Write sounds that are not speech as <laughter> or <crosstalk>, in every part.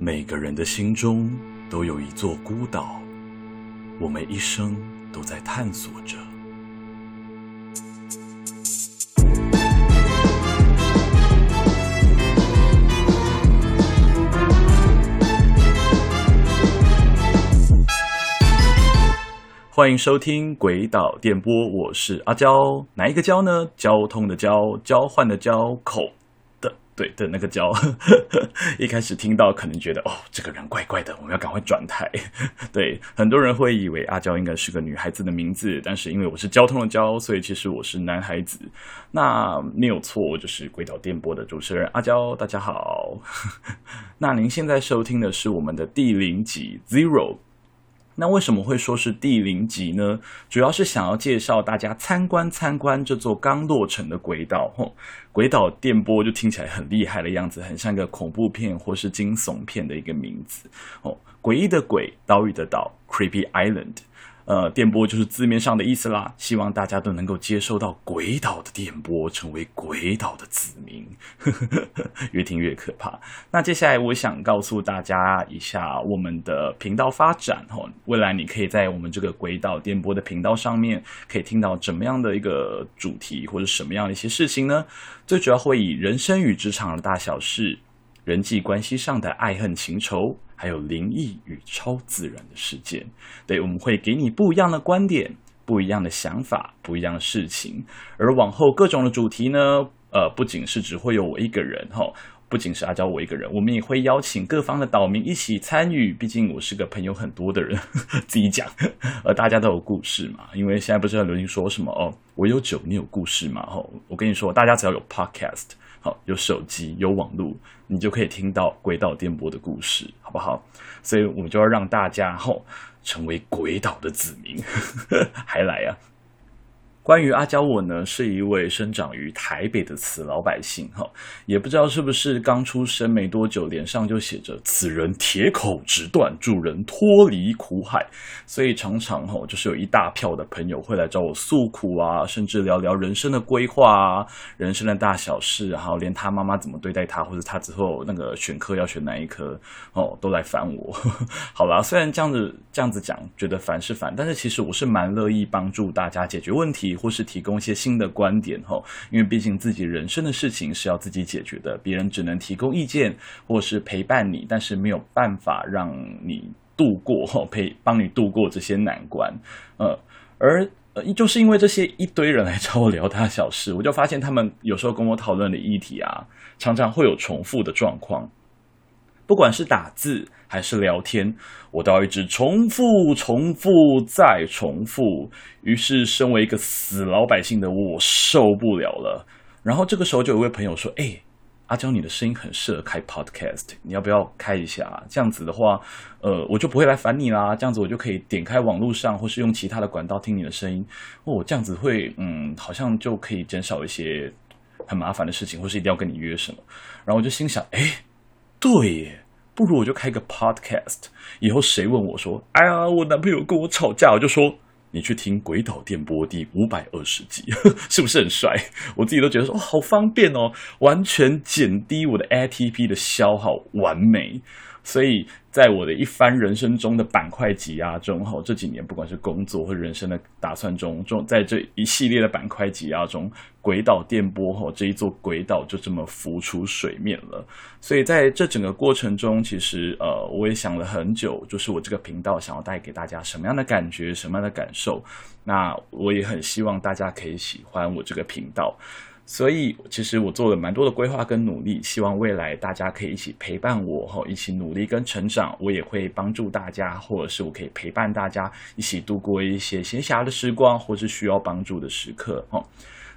每個人的心中都有一座孤島，我們一生都在探索着。歡迎收聽《詭島電波》，我是阿交。哪一個“交”呢？交通的“交”，交換的“交口”。對的那個交， <laughs> 一開始聽到可能覺得哦，這個人怪怪的，我們要趕快轉台。 <laughs> 對，很多人會以為阿交應該是個女孩子的名字，但是因為我是交通的交，所以其實我是男孩子。那沒有錯，我就是詭島電波的主持人阿交，大家好。 <laughs> 那您現在收聽的是我們的第零集 Zero。那為什麼會說是第零集呢？主要是想要介紹大家參觀參觀這座剛落成的詭島哦。詭島電波就聽起來很厲害的樣子，很像個恐怖片或是驚悚片的一個名字哦。詭異的詭，島嶼的島，Creepy Island。呃，電波就是字面上的意思啦，希望大家都能夠接收到詭島的電波，成為詭島的子民，呵呵呵，越聽越可怕。那接下來我想告訴大家一下我們的頻道發展哦，未來你可以在我們這個詭島電波的頻道上面，可以聽到怎麼樣的一個主題或者什麼樣的一些事情呢？最主要會以人生與職場的大小事、人際關係上的愛恨情仇。還有靈異與超自然的世界，對，我們會給你不一樣的觀點、不一樣的想法、不一樣的事情。而往後各種的主題呢，呃，不僅是只會有我一個人哈，不僅是阿交我一個人，我們也會邀請各方的島民一起參與。畢竟我是個朋友很多的人，呵呵自己講，呃，大家都有故事嘛。因為現在不是很流行說什麼哦，我有酒，你有故事嘛？哈，我跟你說，大家只要有 podcast。有手機、有網絡，你就可以聽到詭島電波的故事，好不好？所以我們就要讓大家吼、哦、成為詭島的子民，呵呵還來啊！關於阿交，我呢是一位生長於台北的死老百姓哈，也不知道是不是剛出生沒多久，臉上就寫着此人鐵口直斷，助人脫離苦海，所以常常哈就是有一大票的朋友會來找我訴苦啊，甚至聊聊人生的規劃啊，人生的大小事，然後連他媽媽怎麼對待他，或者他之後那個選科要選哪一科哦，都來煩我。 <laughs> 好吧，雖然這樣子這樣子講，覺得煩是煩，但是其實我是蠻樂意幫助大家解決問題。或是提供一些新的觀點，哦，因為畢竟自己人生的事情是要自己解決的，別人只能提供意見或是陪伴你，但是沒有辦法讓你度過哦，陪，幫你度過這些難關，呃，而呃就是因為這些一堆人來找我聊他的小事，我就發現他們有時候跟我討論的議題啊，常常會有重複的狀況。不管是打字還是聊天，我都要一直重複、重複再重複。於是，身為一個死老百姓的我受不了了。然後這個時候，就有一位朋友說：“哎，阿交，你的聲音很適合開 Podcast，你要不要開一下？這樣子的話，呃，我就不會來煩你啦。這樣子，我就可以點開網絡上，或是用其他的管道聽你的聲音。哦，這樣子會，嗯，好像就可以減少一些很麻煩的事情，或是一定要跟你約什麼。然後我就心想，哎。”對耶，不如我就開個 podcast，以後誰問我說，哎呀，我男朋友跟我吵架，我就說你去聽《詭島電波》第五百二十集，是不是很帥？我自己都覺得說，哦，好方便哦，完全減低我的 ATP 的消耗，完美。所以在我的一番人生中的板塊擠壓中，後這幾年不管是工作或人生的打算中，中在這一系列的板塊擠壓中，詭島電波後，這一座詭島就這麼浮出水面了。所以在這整個過程中，其實呃我也想了很久，就是我這個頻道想要帶給大家什麼樣的感覺，什麼樣的感受。那我也很希望大家可以喜歡我這個頻道。所以，其實我做了蠻多的規劃跟努力，希望未來大家可以一起陪伴我，一起努力跟成長。我也會幫助大家，或者是我可以陪伴大家一起度過一些閒暇的時光，或是需要幫助的時刻哈。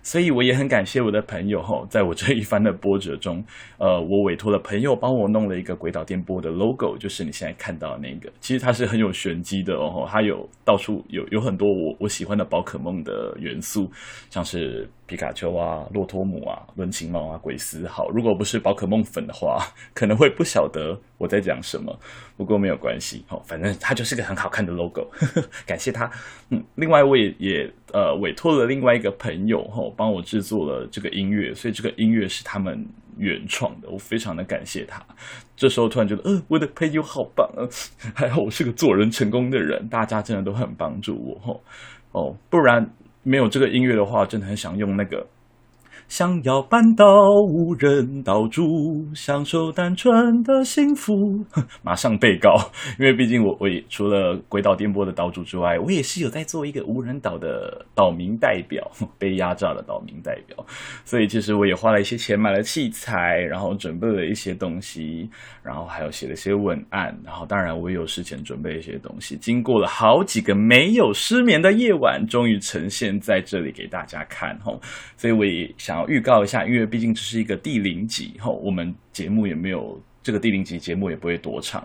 所以，我也很感謝我的朋友，在我這一番的波折中，呃，我委托了朋友幫我弄了一個詭島電波的 logo，就是你現在看到的那個，其實它是很有玄機的哦，它有到處有有很多我我喜歡的寶可夢的元素，像是。皮卡丘啊，洛托姆啊，倫琴帽啊，鬼斯。好，如果不是寶可夢粉的話，可能會不曉得我在講什麼。不過沒有關係，哦，反正它就是個很好看的 logo，呵呵，感謝他，嗯，另外我也也呃委託了另外一個朋友哈，幫、哦、我制作了這個音樂，所以這個音樂是他們原創的，我非常的感謝他。這時候突然覺得，嗯、呃，我的朋友好棒啊、呃，還好我是個做人成功的人，大家真的都很幫助我哈，哦，不然。沒有這個音樂的話，真的很想用那個。想要搬到無人島住，享受單純的幸福。馬上被告，因為畢竟我我也除了《詭島電波》的島主之外，我也是有在做一個無人島的島民代表，被壓榨的島民代表。所以其實我也花了一些錢買了器材，然後準備了一些東西，然後還有寫了一些文案。然後當然我也有事前準備一些東西，經過了好幾個沒有失眠的夜晚，終於呈現在這裡給大家看。吼，所以我也。想要預告一下，因為畢竟只是一個第零集，吼，我們節目也沒有這個第零集，節目也不會多長。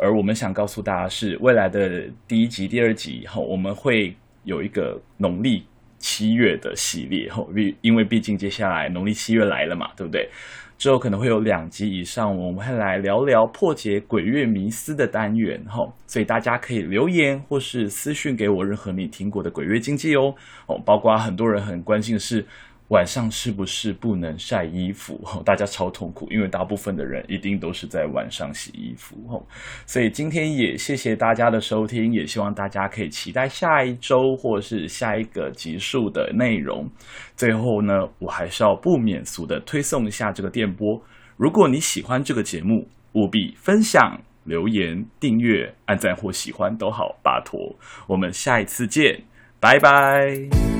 而我們想告訴大家是，是未來的第一集、第二集以後，我們會有一個農曆七月的系列，吼，因為畢竟接下來農曆七月來了嘛，對不對？之後可能會有兩集以上，我們會來聊聊破解鬼月迷思的單元，吼，所以大家可以留言或是私訊給我任何你聽過的鬼月經濟哦，哦，包括很多人很關心的是。晚上是不是不能曬衣服？大家超痛苦，因為大部分的人一定都是在晚上洗衣服，哦。所以今天也謝謝大家的收聽，也希望大家可以期待下一周或是下一個集數的內容。最後呢，我還是要不免俗的推送一下這個電波。如果你喜歡這個節目，務必分享、留言、訂閱、按讚或喜歡都好，拜託。我們下一次見，拜拜。